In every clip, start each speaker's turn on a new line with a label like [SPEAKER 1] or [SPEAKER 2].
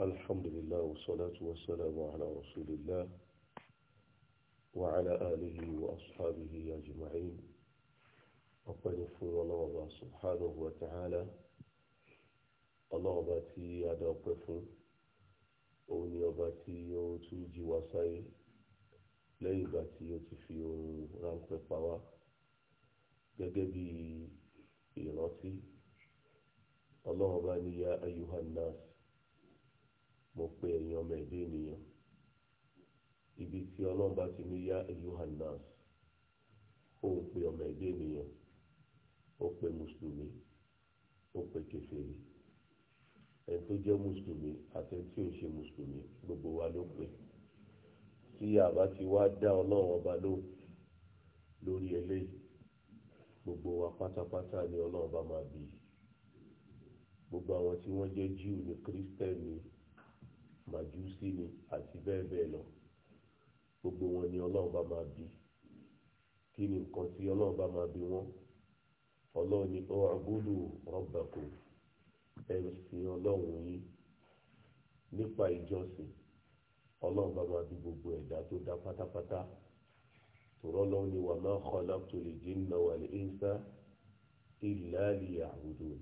[SPEAKER 1] الحمد لله والصلاة والسلام على رسول الله وعلى آله وأصحابه أجمعين أقول فور الله سبحانه وتعالى الله باتي أدى أقفون أوني أباتي أوتوجي وسائي lẹ́yìn ìgbà tí ó ti fi ohun ráńpẹ́ pa wá gẹ́gẹ́ bí mo pe ẹ̀yin ọmọ ẹ̀dá ènìyàn ibi tí ọlọ́run bá ti ní yá yohannas ó ń pe ọmọ ẹ̀dá ènìyàn ó pe mùsùlùmí ó pe kèfèrí ẹni tó jẹ́ mùsùlùmí àti ẹni tí ò ń ṣe mùsùlùmí gbogbo wa ló pe tí àbá ti wá dá ọlọ́run ọba lóhùn lórí eléyìí gbogbo wa pátápátá ni ọlọ́run bá máa bì gbogbo àwọn tí wọ́n jẹ́ Júù ni kírísítẹ́nì màjúsí ni àti bẹ́ẹ̀ bẹ́ẹ̀ lọ gbogbo wọn ni ọlọ́run bá máa bí kí ni nǹkan tí ọlọ́run bá máa bí wọn ọlọ́run ni ọ̀rọ̀gbọ́dọ̀ rọ́bàkù ẹ̀sìn ọlọ́run yín nípa ìjọsìn ọlọ́run bá máa bí gbogbo ẹ̀dá tó dá pátápátá tòrọ́ lọ́wọ́ ni wà máa khalaqtu al-jinna wal-insa illa liya'budun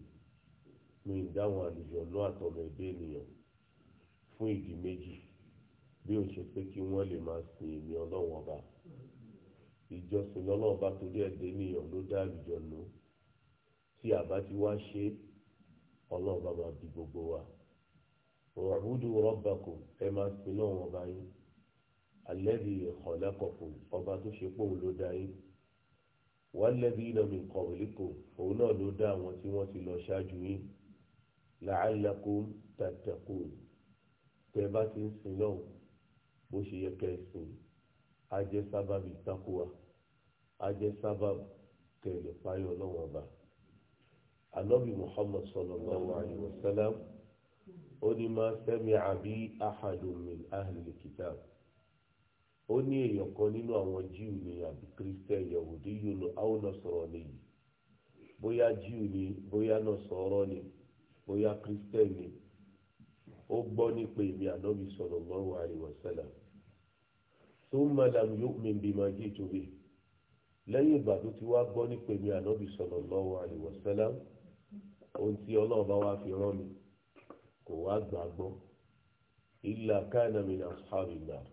[SPEAKER 1] mi ìdáhùn àlùjọ náà àtọ̀mọ̀ ẹ̀dẹ́ ènìyàn fún ìdí méjì bí ó ṣe pé kí wọ́n lè máa sin èmi ọlọ́run ọba ìjọsìn lọ́lọ́run ọba torí ẹ̀dẹ́ nìyàn ló dá àlùjọ nù tí àbá ti wá ṣe ọlọ́run ọba máa bí gbogbo wa wa'budu rabbakum ẹ máa sin lọ́run ọba yín alladhi khalaqakum ọba tó ṣe pé òun ló dá yín walladhina min qablikum òun náà ló dá àwọn tí wọ́n ti lọ ṣáájú yín la'allakum tattaqun tẹ bá ti ń sin náà bó ṣe yẹ kẹ́ ẹ sìn á sábàbí takuwa á sábàbí kẹlẹ̀ fáyọ̀ lọ́wọ́ ọba. Ànábì Muhammad sallallahu alayhi wa sallam ó ní máa sẹ́mi àbí nínú àwọn Jíù àbí Yahudi yóò àwọn Nasọ̀rọ̀ nìyí. Bóyá Jíù ni, bóyá bóyá ó gbọ́ nípa èmi ànábì sallallahu alaihi wasallam thumma lam yu'min bima ji'tu bihi lẹ́yìn ìgbà tó ti wá gbọ́ nípa èmi ànábì sallallahu alaihi wasallam ohun tí ọlọ́run bá wá fi rán kò wá gbàgbọ́ illa kana min ashabin nar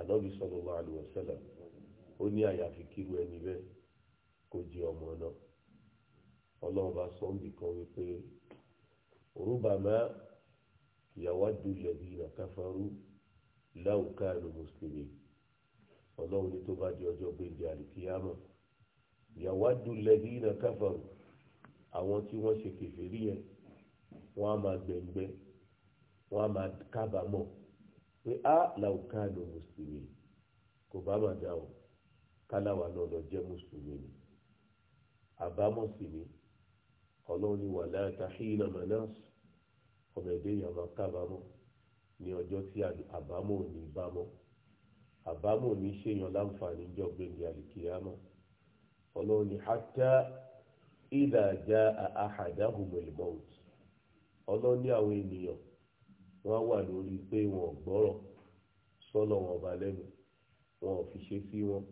[SPEAKER 1] ànábì sallallahu alaihi ní àyàfi kíru ẹni bẹ́ẹ̀ kò ọmọ náà ọlọ́run bá yawaddu alladhina kafaru law kanu muslimin ọlọ́run ní tó bá di ọjọ́ gbèndé àlìkíyàmọ̀ yawaddu alladhina kafaru àwọn tí wọ́n ṣe kèfèrí yẹn wọ́n á máa gbẹ̀ngbẹ́ wọ́n á máa kábàámọ̀ pé á law kanu muslimin kò bá máa dá o káláwa náà lọ jẹ́ mùsùlùmí ni àbámọ̀ sì ni ọlọ́run ní wàlá tahina manas ọmọ ẹ̀dẹ́ èèyàn máa kábàámọ̀ ní ọjọ́ tí àbámọ̀ ò ní bá mọ́ àbámọ̀ ò ní ṣèyàn láǹfààní jọ gbẹ̀ngẹ̀ àlìkìyàmọ̀ ọlọ́run ni hátá ìdàjà àhàdáhùmọ̀ ìmọ̀ọ́tì ọlọ́run ní àwọn ènìyàn wọ́n wà lórí pé wọn ò gbọ́rọ̀ sọ́lọ̀ wọn ọba lẹ́nu wọn ò fi ṣe sí wọn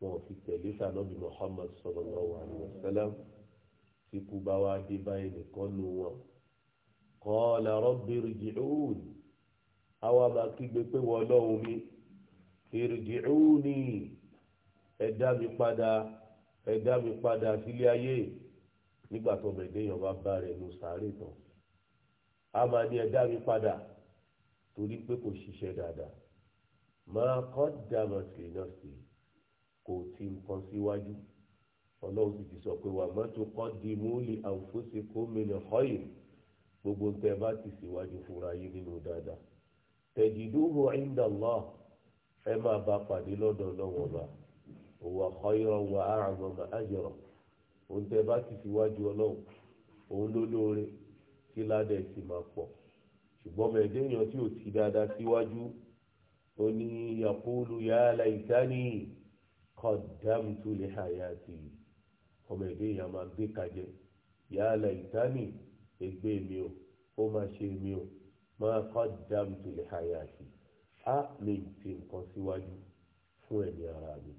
[SPEAKER 1] wọn ò fi tẹ̀lé sànọ́bì Muhammad sallallahu alaihi wasallam tí kú bá wá dé báyìí nìkan nu wọn qala rabbi irji'un àwa máa kígbe pé wọ́n ọlọ́run mi irji'uni ẹ dá mi padà ẹ dá mi padà sílé ayé nígbà tó bẹ̀ẹ́dẹ́ yẹn bá bá rẹ̀ nù sáré tán a máa ní ẹ dá mi padà torí pé kò ṣiṣẹ́ dáadáa máa kọ́ dàmọ̀tì náà sí kò tí nǹkan síwájú ọlọ́run sì ti sọ pé wà má tó kọ́ di múlì àwòfóṣe kó mìíràn ọ̀yìn gbogbo tẹ bá ti síwájú fúnra yín nínú dáadáa tajiduhu inda Allah ẹ máa bá pàdé lọ́dọ̀ lọ́wọ́ bá huwa khayran wa a'zama ajra òun tẹ bá ti síwájú ọlọ́run òun ló lóore tí ládẹ sì máa pọ̀ ṣùgbọ́n mẹ̀ẹ́dẹ́yàn tí ò ti dáadáa síwájú ó ní yaqulu ya laitani qaddamtu li ọmọ ẹ̀dẹ́yàn máa gbé kajẹ ya laitani. egbe mi o ó máa ṣe mi o máa kọ́ dáàbò lè háyà sí á mi ti nǹkan síwájú fún ẹ̀mí ara mi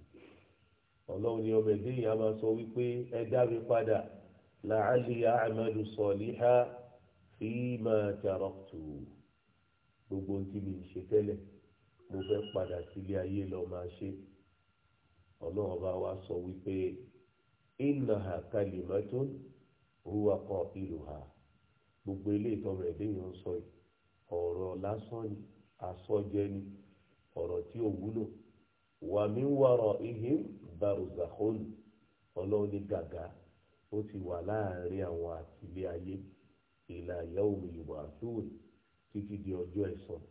[SPEAKER 1] ọlọ́run ni ọmọ ẹ̀dẹ́ yìí a máa sọ wípé ẹ dá mi padà làálì ha fi máa tàrọ̀tù gbogbo ohun tí mi ń ṣe tẹ́lẹ̀ mo fẹ́ padà sílé ayé lọ máa ṣe ọlọ́run bá wa sọ wípé kalimatun huwa gbogbo ilé ìtọ́rọ ẹ̀dẹ́yàn sọ yìí ọ̀rọ̀ lásán ni asọ́jẹ ni ọ̀rọ̀ tí ò wúlò wà mí wọ̀rọ̀ ihe baruzakhol ọlọ́run ní gàgà ó ti wà láàrin àwọn àtìlé ayé ìlà yawmi yub'athun títí di ọjọ́ ẹ̀san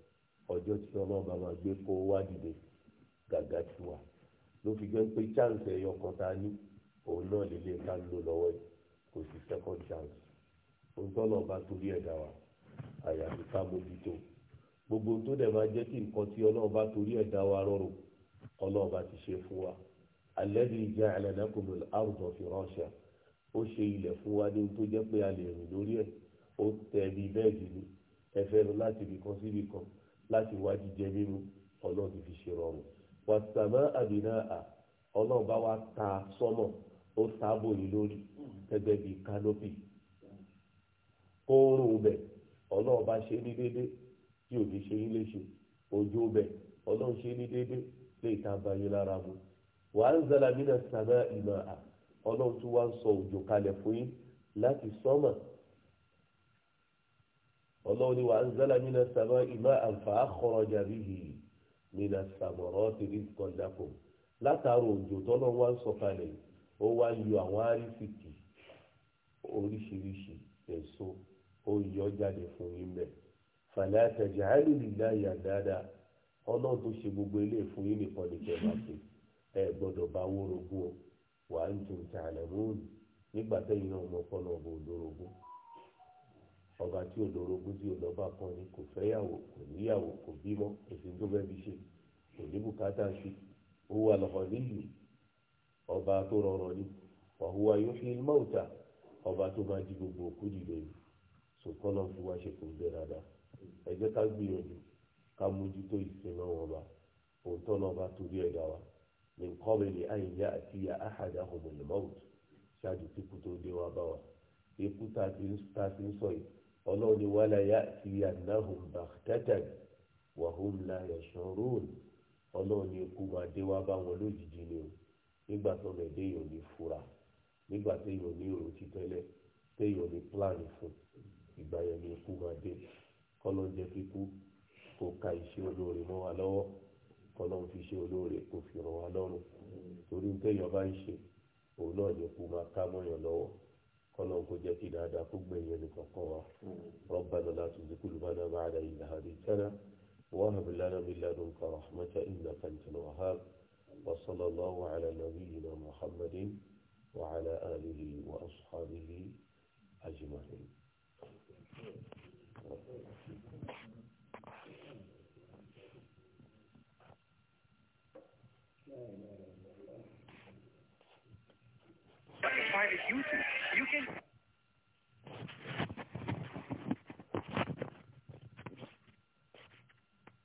[SPEAKER 1] ọjọ́ tí ọlọ́ba máa gbé kó wá dìde gàgà ti wà ló fi jẹ́ pé chance ẹ̀yọ ta ní òun náà lè lè ká lò tọ́lọ̀ bá torí ẹ̀dá wa àyàfi ká mójútó gbogbo tó dẹ̀ máa jẹ́ kí nǹkan tí ọlọ́run bá torí ẹ̀dá wa rọrùn ọlọ́run bá ti ṣe fún wa alladhi ja'ala lakumul arda firasha ó ṣe ilẹ̀ fún wa ní tó jẹ́ pé a lè rìn lórí ẹ̀ ó tẹ̀ bí bẹ́ẹ̀dì ni ẹ fẹ́ lọ láti ibì kan síbì kan láti wá jíjẹ mímu ọlọ́run ti fi ṣe rọrùn wàsàmà àbínáà ọlọ́run bá wa ta sọ́mọ̀ ó ta bòyí lórí gẹ́gẹ́ bí kánópì oorun ọbẹ̀ ọlọ́run bá ṣe ní déédéé tí òbí ṣe yín léṣe ojú ṣe ní lè ta bayé lára mu wà á ń zala mina sàmà ìmọ̀ à ọlọ́run tún wá ń sọ òjò kalẹ̀ fún yín láti sọ́mà ni wà á ń zala mina sàmà ìmọ̀ àǹfà mina sàmọ̀rọ̀ ti rí látàrí òjò tọ́lọ́ wá ń sọ kalẹ̀ ó wá ń ó yọ jáde fún yín bẹ́ẹ̀ fàlẹ́ àtẹ̀jẹ́ àìlùdílá yà dáadáa ọlọ́run tó ṣe gbogbo ilé fún yín nìkan ní kẹ́ máa fi ẹ gbọ́dọ̀ bá wórogún o wà á ń tún ta àlẹ́múùn nígbà tẹ́yìn náà mọ fọ́nà ọba òdòrógún ọba tí òdòrógún tí olọ́ba kan ni kò fẹ́yàwó kò níyàwó kò bímọ èsì tó fẹ́ fi ṣe kò ní bùkátà sí ó wà lọ́kọ̀ níyì ọba tó rọrọ ni wàhùwà yóò fi mọ́ọ̀tà ọba tó máa di gbogbo òkú dìde yìí. sòkòlò fi wá ṣe kò gbé dáadáa ẹ jẹ́ ká gbìyànjú ká mójútó ìsinmi wọn bá òótọ́ náà bá torí ẹ̀dá wa ní kọ́bìlì àyíyá àti ìyá àhàdá ọmọlẹ́mọ́wùt ṣáàjú kíkú tó dé wá bá wa ikú tá ti ń sọ yìí ọlọ́run ni wàhálà yá àti ìyá náhùn bàtẹ́tẹ̀ wàhùn láyà ṣọ́rọ́ọ̀nù ọlọ́run ni ikú máa dé wá bá wọn lójijì o nígbà tó lè dé ní fura nígbà ní ní fún ìgbà yẹn ni ikú máa dé kọ́lọ́ ń jẹ́ kíkú kó ka iṣẹ́ olóore mọ́ wa lọ́wọ́ kọ́lọ́ ń fi iṣẹ́ olóore kó fi ràn wá lọ́rùn torí ń tẹ̀yàn bá ń ṣe òun náà ni ikú máa ká mọ́yàn lọ́wọ́ kọ́lọ́ kó jẹ́ kí dáadáa kó gbẹ̀yìn ẹnì kọ̀ọ̀kan wa Rabbana la tuzigh qulubana ba'da idh hadaytana wa hab lana min ladunka rahmatan innaka antal wahhab وصلى الله على نبينا محمد وعلى آله وأصحابه أجمعين Private YouTube. You can...